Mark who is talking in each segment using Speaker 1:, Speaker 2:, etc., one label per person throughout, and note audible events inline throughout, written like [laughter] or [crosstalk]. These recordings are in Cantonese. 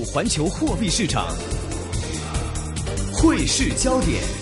Speaker 1: 環球貨幣市場，匯市焦點。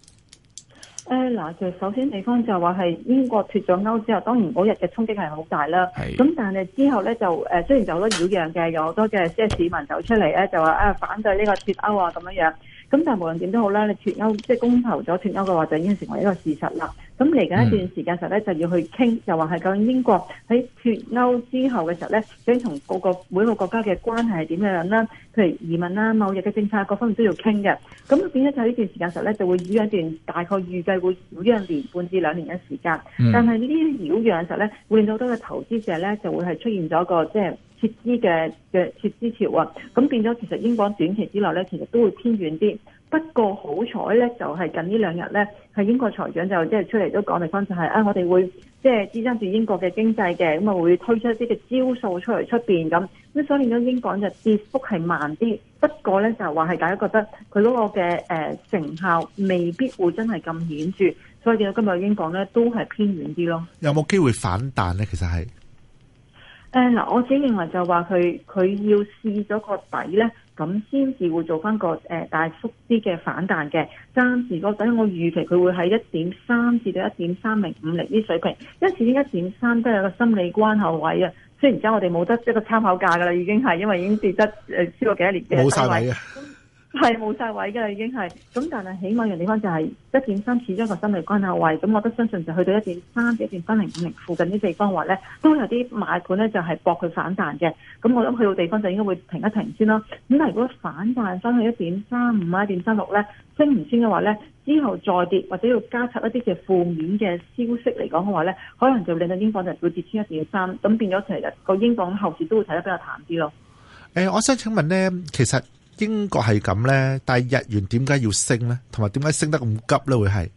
Speaker 2: 誒嗱，就首先地方就話係英國脱咗歐之後，當然嗰日嘅衝擊係好大啦。咁的但係之後咧就誒，雖然有好多擾攘嘅，有好多嘅即係市民走出嚟咧，就話啊反對呢個脱歐啊咁樣樣。咁但係無論點都好啦，你脱歐即係公投咗脱歐嘅話，就已經成為一個事實啦。咁嚟緊一段時間實咧就要去傾，又話係究竟英國喺脱歐之後嘅時候咧，想同各個每個國家嘅關係係點樣樣啦？譬如移民啦、貿易嘅政策各方面都要傾嘅。咁變咗喺呢段時間實咧，就會預一段大概預計會預約一年半至兩年嘅時間。嗯、但係呢啲擾攘嘅時候咧，會令到好多嘅投資者咧就會係出現咗一個即係。撤資嘅嘅撤資潮啊，咁變咗其實英港短期之內咧，其實都會偏遠啲。不過好彩咧，就係近呢兩日咧，係英國財長就即係出嚟都講嚟翻，就係啊，我哋會即係支撐住英國嘅經濟嘅，咁啊會推出一啲嘅招數出嚟出邊咁。咁所以令到英港就跌幅係慢啲。不過咧就係話係大家覺得佢嗰個嘅誒成效未必會真係咁顯著，所以見到今日英港咧都係偏遠啲咯。
Speaker 3: 有冇機會反彈咧？其實係。
Speaker 2: 誒，嗱、嗯，我自己認為就話佢，佢要試咗個個底咧，咁先至會做翻個誒大幅啲嘅反彈嘅。暫時個底，我預期佢會喺一點三至到一點三零五零啲水平，因此呢一點三都係個心理關口位啊。雖然而家我哋冇得一個參考價噶啦，已經係因為已經跌得誒超過幾多年嘅，冇晒位啊。係冇晒位噶啦，已經係咁，但係起碼樣地方就係一點三，始終個心理關下位。咁我都相信，就去到一點三、一點三零五零附近啲地方話咧，都有啲買盤咧，就係搏佢反彈嘅。咁我諗去到地方就應該會停一停先啦。咁但係如果反彈翻去一點三五啊，一點三六咧，升唔穿嘅話咧，之後再跌或者要加插一啲嘅負面嘅消息嚟講嘅話咧，可能就令到英鎊就會跌穿一點三，咁變咗其實個英鎊後市都會睇得比較淡啲咯。
Speaker 3: 誒，我想請問咧，其實。英國係咁呢，但係日元點解要升呢？同埋，點解升得咁急呢？會係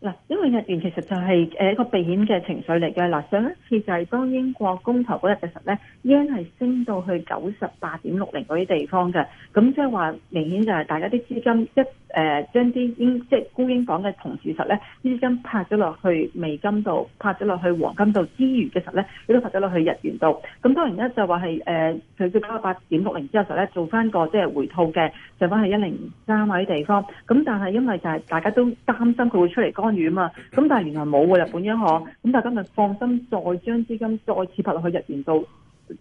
Speaker 2: 嗱，因為日元其實就係誒一個避險嘅情緒嚟嘅。嗱，上一次就係當英國公投嗰日嘅時候呢，yen 係升到去九十八點六零嗰啲地方嘅，咁即係話明顯就係大家啲資金一。誒、呃、將啲英即係沽英港嘅同時實咧，資金拍咗落去美金度，拍咗落去黃金度之餘嘅時候咧，亦都拍咗落去日元度。咁、嗯、當然咧就話係誒，佢最高八點六零之後實咧做翻個即係回吐嘅，就翻係一零三位地方。咁、嗯、但係因為就係大家都擔心佢會出嚟干預啊嘛，咁、嗯、但係原來冇嘅日本央行，咁、嗯、但今日放心再將資金再次拍落去日元度。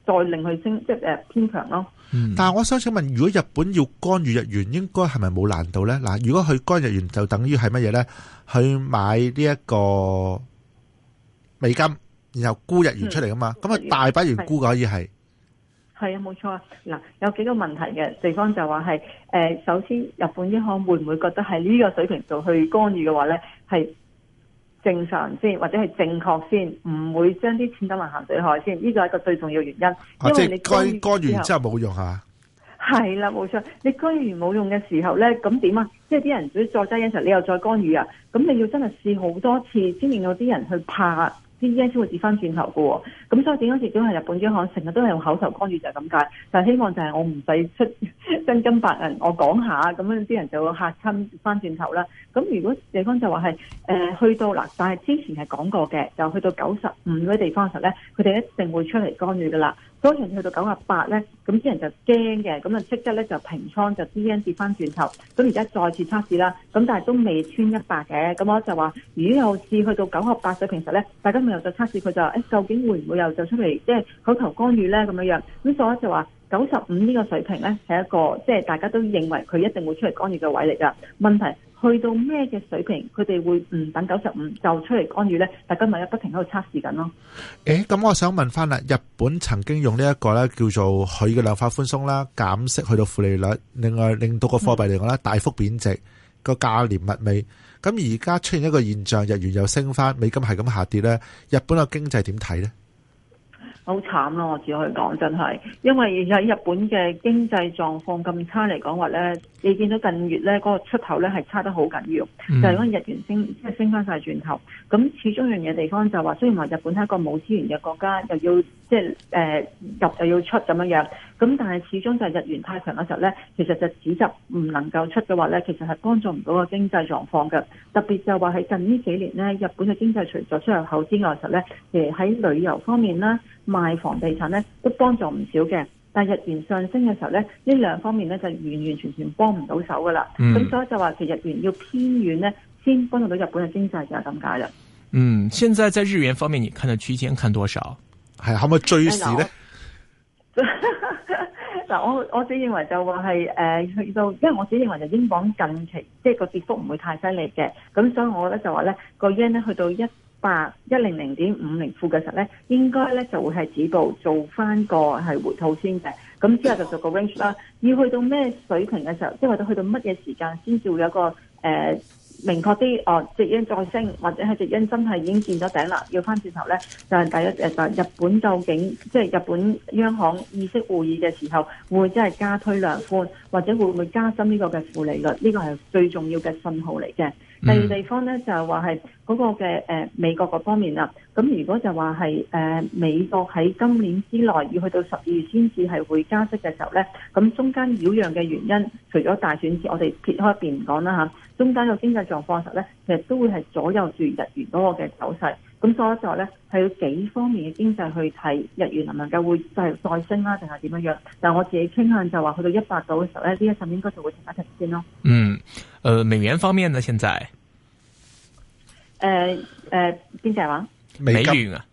Speaker 2: 再令佢升，即係誒偏強咯。
Speaker 3: 但係我想請問，如果日本要干預日元，應該係咪冇難度咧？嗱，如果佢干日元，就等於係乜嘢咧？去買呢一個美金，然後沽日元出嚟噶嘛？咁啊大把元沽嘅可以係
Speaker 2: 係啊，冇錯啊。嗱，有幾個問題嘅地方就話係誒，首先日本央行會唔會覺得係呢個水平度去干預嘅話咧，係？正常先，或者係正確先，唔會將啲錢得嚟鹹水海先，呢個係一個最重要原因。啊、因為你干幹完之後冇用嚇、啊，係啦冇錯，你幹完冇用嘅時候咧，咁點啊？即係啲人喺作災嘅時候，你又再干預啊？咁你要真係試好多次，先令到啲人去怕。啲 E S 會跌翻轉頭嘅喎，咁所以點解時都係日本央行成日都係用口頭干預就係咁解。但係希望就係我唔使出真金白銀，我講下咁樣啲人就會嚇親翻轉頭啦。咁如果地方就話係誒去到嗱，但係之前係講過嘅，就去到九十五個地方嘅時候咧，佢哋一定會出嚟干預嘅啦。嗰日去到九十八咧，咁啲人就驚嘅，咁啊即刻咧就平倉，就啲人跌返轉頭。咁而家再次測試啦，咁但係都未穿一百嘅。咁我就話：如果又試去到九十八，就平實咧，大家咪又再測試佢就誒，究竟會唔會又就出嚟，即係口頭干預咧咁樣樣？咁所以我就話。九十五呢個水平呢，係一個即係大家都認為佢一定會出嚟干預嘅位嚟㗎。問題，去到咩嘅水平，佢哋會唔等九十五就出嚟干預呢？大家咪不停喺度測試緊咯、
Speaker 3: 哦。誒、欸，咁我想問翻啦，日本曾經用呢一個呢叫做佢嘅量化寬鬆啦，減息去到負利率，另外令到個貨幣嚟講呢大幅貶值，個價廉物美。咁而家出現一個現象，日元又升翻，美金係咁下跌呢？日本嘅經濟點睇呢？
Speaker 2: 好慘咯！我只可以講，真係，因為喺日本嘅經濟狀況咁差嚟講話咧，你見到近月咧嗰個出口咧係差得好緊要，就係、是、因為日元升，即係升翻晒轉頭。咁始終樣嘢地方就話，雖然話日本係一個冇資源嘅國家，又要即係誒入又要出咁樣樣，咁但係始終就係日元太強嘅時候咧，其實就指責唔能夠出嘅話咧，其實係幫助唔到個經濟狀況嘅。特別就話係近呢幾年咧，日本嘅經濟除咗出入口之外嘅時候咧，誒喺旅遊方面啦。賣房地產咧都幫助唔少嘅，但係日元上升嘅時候咧，呢兩方面咧就完完全全幫唔到手噶啦。咁、嗯、所以就話，其實日元要偏軟咧，先幫助到日本嘅經濟就係咁解啦。嗯，
Speaker 1: 現在在日元方面，你看到區間看多少？係可唔可以追市咧？
Speaker 2: 嗱、哎， [laughs] 我我自認為就話係誒，去、呃、到，因為我自認為就英鎊近期即係、就是、個跌幅唔會太犀利嘅，咁所以我覺得就話咧個 yen 咧去到一。百一零零點五零附嘅時候咧，應該咧就會係止步，做翻個係回吐先嘅。咁之後就做個 range 啦。要去到咩水平嘅時候，即係或者去到乜嘢時間先至會有個誒、呃、明確啲哦，直因再升或者係直因真係已經見咗頂啦，要翻轉頭咧，就係、是、第一誒就是、日本究竟即係、就是、日本央行意識議息會議嘅時候，會唔會真係加推量寬，或者會唔會加深呢個嘅負利率？呢、這個係最重要嘅信號嚟嘅。嗯、第二地方咧就係話係嗰個嘅誒、呃、美國嗰方面啦，咁如果就話係誒美國喺今年之內要去到十二月先至係會加息嘅時候咧，咁中間擾攘嘅原因，除咗大選，我哋撇開一邊唔講啦嚇，中間個經濟狀況嘅時候咧，其實都會係左右住日元嗰個嘅走勢。咁所以咧，係要幾方面嘅經濟去睇日元能唔能夠會再再升啦，定係點樣樣？但係我自己傾向就話，去到一百度嘅時候咧，呢一陣應該就會停一停先咯。嗯，
Speaker 1: 誒、呃、美元方面呢？現在誒
Speaker 2: 誒邊隻話？呃呃、美元金啊，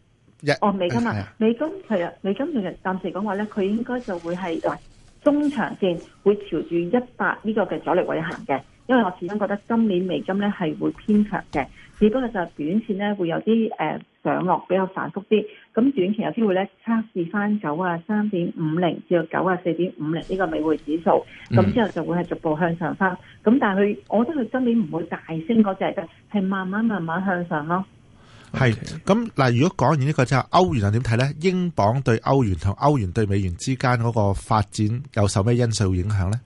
Speaker 2: 哦，美金啊，哎、呀美金係啊，美金其實暫時講話咧，佢應該就會係嗱中長線會朝住一百呢個嘅阻力位行嘅，因為我始終覺得今年美金咧係會偏強嘅。只不過就係短線咧，會有啲誒上落比較反覆啲。咁短期有機會咧，測試翻九啊三點五零至到九啊四點五零呢個美匯指數。咁之後就會係逐步向上翻。咁但係佢，我覺得佢今年唔會大升嗰隻嘅，係慢慢慢慢向上咯。
Speaker 3: 係咁嗱，如果講完呢個之後，歐元又點睇咧？英鎊對歐元同歐元對美元之間嗰個發展又受咩因素影響咧？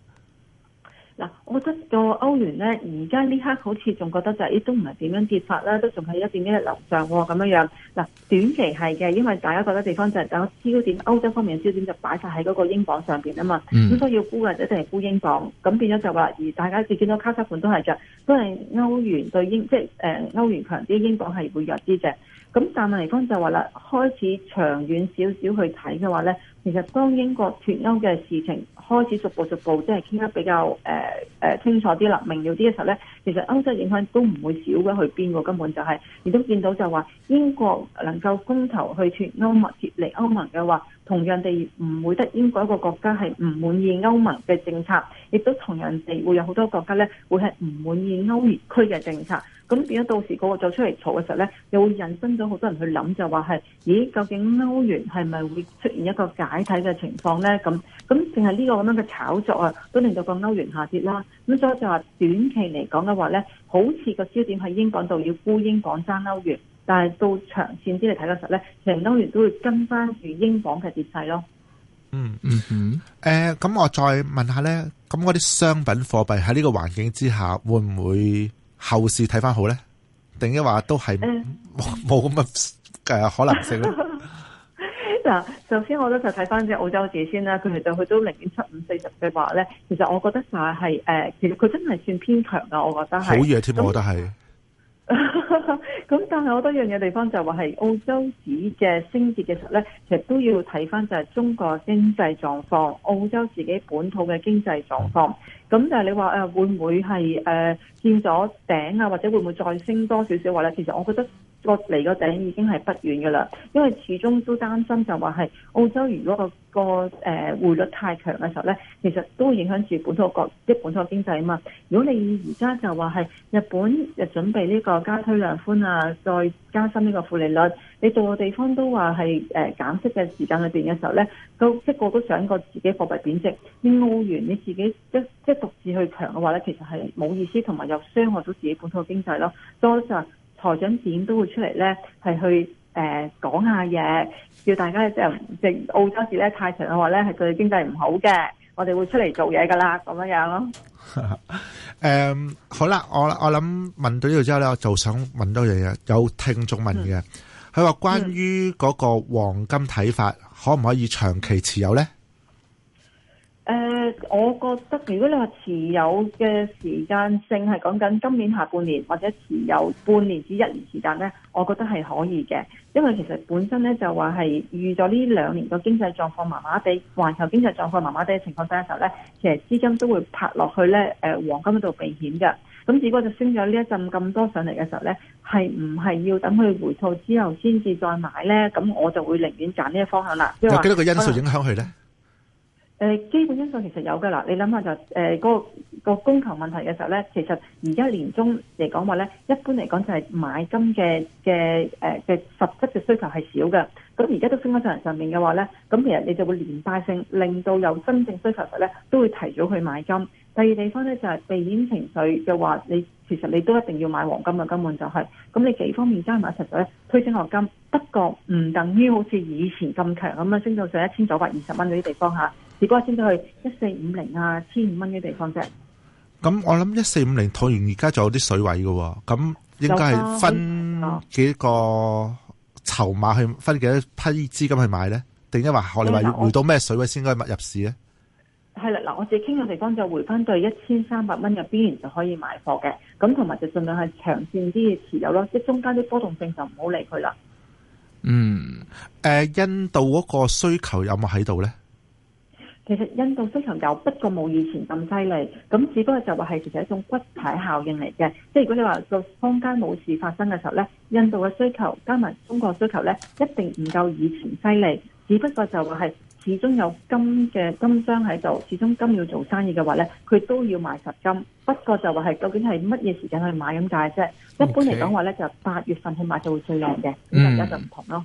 Speaker 2: 嗱，我覺得個歐元咧，而家呢刻好似仲覺得就係，亦都唔係點樣跌法啦、啊，都仲係一點一一流上喎、啊、咁樣樣。嗱、啊，短期係嘅，因為大家覺得地方就係有焦點，歐洲方面嘅焦點就擺晒喺嗰個英鎊上邊啊嘛。咁所以沽嘅一定係沽英鎊，咁變咗就話，而大家就見到交叉盤都係著，都係歐元對英，即係誒、呃、歐元強啲，英鎊係會弱啲嘅。咁但係嚟講就話啦，開始長遠少少去睇嘅話咧。其實當英國脱歐嘅事情開始逐步逐步，即係傾得比較誒誒、呃呃、清楚啲啦，明了啲嘅時候咧，其實歐洲影響都唔會少嘅，去邊個根本就係、是，亦都見到就話英國能夠公投去脫歐、物脱離歐盟嘅話，同樣地唔會得英國一個國家係唔滿意歐盟嘅政策，亦都同樣地會有好多國家咧會係唔滿意歐元區嘅政策。咁變咗到時嗰個作出嚟嘈嘅時候咧，又會引申咗好多人去諗，就話係咦，究竟歐元係咪會出現一個解？睇睇嘅情況咧，咁咁淨係呢個咁樣嘅炒作啊，都令到個歐元下跌啦。咁所以就話短期嚟講嘅話咧，好似個焦點喺英鎊度，要沽英鎊爭歐元，但係到長線之嚟睇嘅時候咧，成歐元都會跟翻住英鎊嘅跌勢咯。嗯嗯嗯，
Speaker 3: 誒、呃，咁我再問下咧，咁嗰啲商品貨幣喺呢個環境之下，會唔會後市睇翻好咧？定、 [laughs] 嗯呃、一話都係冇冇咁嘅誒可能性咧？ [laughs]
Speaker 2: 首先，我覺得就睇翻隻澳洲紙先啦。佢哋去到都零點七五四十嘅話咧，其實我覺得就係誒，其實佢真係算偏強噶。我覺得係。好嘢添，嗯、我覺得係。咁 [laughs] 但係，好多得一樣嘅地方就話、是、係澳洲紙嘅升跌嘅時候咧，其實都要睇翻就係中國經濟狀況、澳洲自己本土嘅經濟狀況。咁但係你話誒、呃、會唔會係誒見咗頂啊？或者會唔會再升多少少話咧？其實我覺得。過嚟個頂已經係不遠嘅啦，因為始終都擔心就話係澳洲如果個個誒匯率太強嘅時候咧，其實都會影響住本土國一即係本土經濟啊嘛。如果你而家就話係日本又準備呢、呢個加推量寬啊，再加深呢個負利率，你到個地方都話係誒減息嘅時間裏邊嘅時候咧，個一個都想過自己貨幣貶值，啲澳元你自己一即係獨自去強嘅話咧，其實係冇意思，同埋又傷害到自己本土經濟咯。再加上。台長點都會出嚟咧，係去誒講下嘢，叫大家即係澳洲時咧太長嘅話咧係對經濟唔好嘅，我哋會出嚟做嘢噶啦，咁樣樣咯。
Speaker 3: 誒，好啦，我我諗問到呢度之後咧，我就想問多樣嘢，有聽眾問嘅，佢話關於嗰個黃金睇法，可唔可以長期持有咧？
Speaker 2: 誒、呃，我覺得如果你話持有嘅時間性係講緊今年下半年或者持有半年至一年時間呢，我覺得係可以嘅，因為其實本身呢，就話係預咗呢兩年個經濟狀況麻麻地，環球經濟狀況麻麻地嘅情況底下時候呢，其實資金都會拍落去呢誒黃金嗰度避險嘅。咁只不過就升咗呢一陣咁多上嚟嘅時候呢，係唔係要等佢回吐之後先至再買呢？咁我就會寧願賺呢個方向啦。有幾多個因素影響佢呢？誒基本因素其實有嘅啦，你諗下就誒、呃嗰個、嗰個供求問題嘅時候咧，其實而家年中嚟講話咧，一般嚟講就係買金嘅嘅誒嘅實質嘅需求係少嘅。咁而家都升翻上上面嘅話咧，咁其實你就會連帶性令到有真正需求嘅咧都會提早去買金。第二地方咧就係避險情緒嘅話，你其實你都一定要買黃金嘅根本就係、是。咁你幾方面加埋實在咧推升黃金，不過唔等於好似以前咁強咁樣升到上一千九百二十蚊嗰啲地方嚇。只不過升到去一四五零啊，千五蚊嘅地方啫。
Speaker 3: 咁、嗯、我諗一四五零套完，而家仲有啲水位嘅，咁、嗯、應該係分幾個籌碼去分幾多批資金去買咧？定係話我哋話要回到咩水位先可以入市咧？
Speaker 2: 係啦，嗱，我自己傾嘅地方就回翻到一千三百蚊入邊就可以買貨嘅。咁同埋就盡量係長線啲嘅持有咯，即係中間啲波動性就唔好理佢
Speaker 3: 啦。嗯，誒、呃，印度嗰個需求有冇喺度咧？
Speaker 2: 其實印度需求有，不過冇以前咁犀利，咁只不過就話係其實一種骨牌效應嚟嘅，即係如果你話個坊間冇事發生嘅時候咧，印度嘅需求加埋中國需求咧，一定唔夠以前犀利，只不過就話係始終有金嘅金商喺度，始終金要做生意嘅話咧，佢都要賣實金，不過就話係究竟係乜嘢時間去買咁解啫？一般嚟講話咧，就八月份去買就會最靚嘅，咁而家就唔同咯。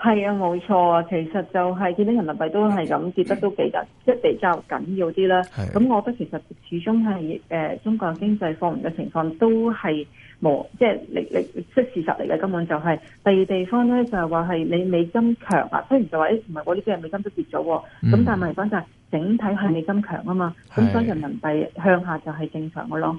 Speaker 2: 係啊，冇錯，其實就係見到人民幣都係咁跌得都幾急， [coughs] 即係比較緊要啲啦。咁 [coughs] 我覺得其實始終係誒、呃、中國經濟放緩嘅情況都係冇，即係你你即係事實嚟嘅根本就係、是。第二地方咧就係話係你美金強啊，雖然就話誒唔係我呢邊嘅美金都跌咗喎，咁、嗯、但係問題就係整體係美金強啊嘛，咁所以人民幣向下就係正常嘅咯。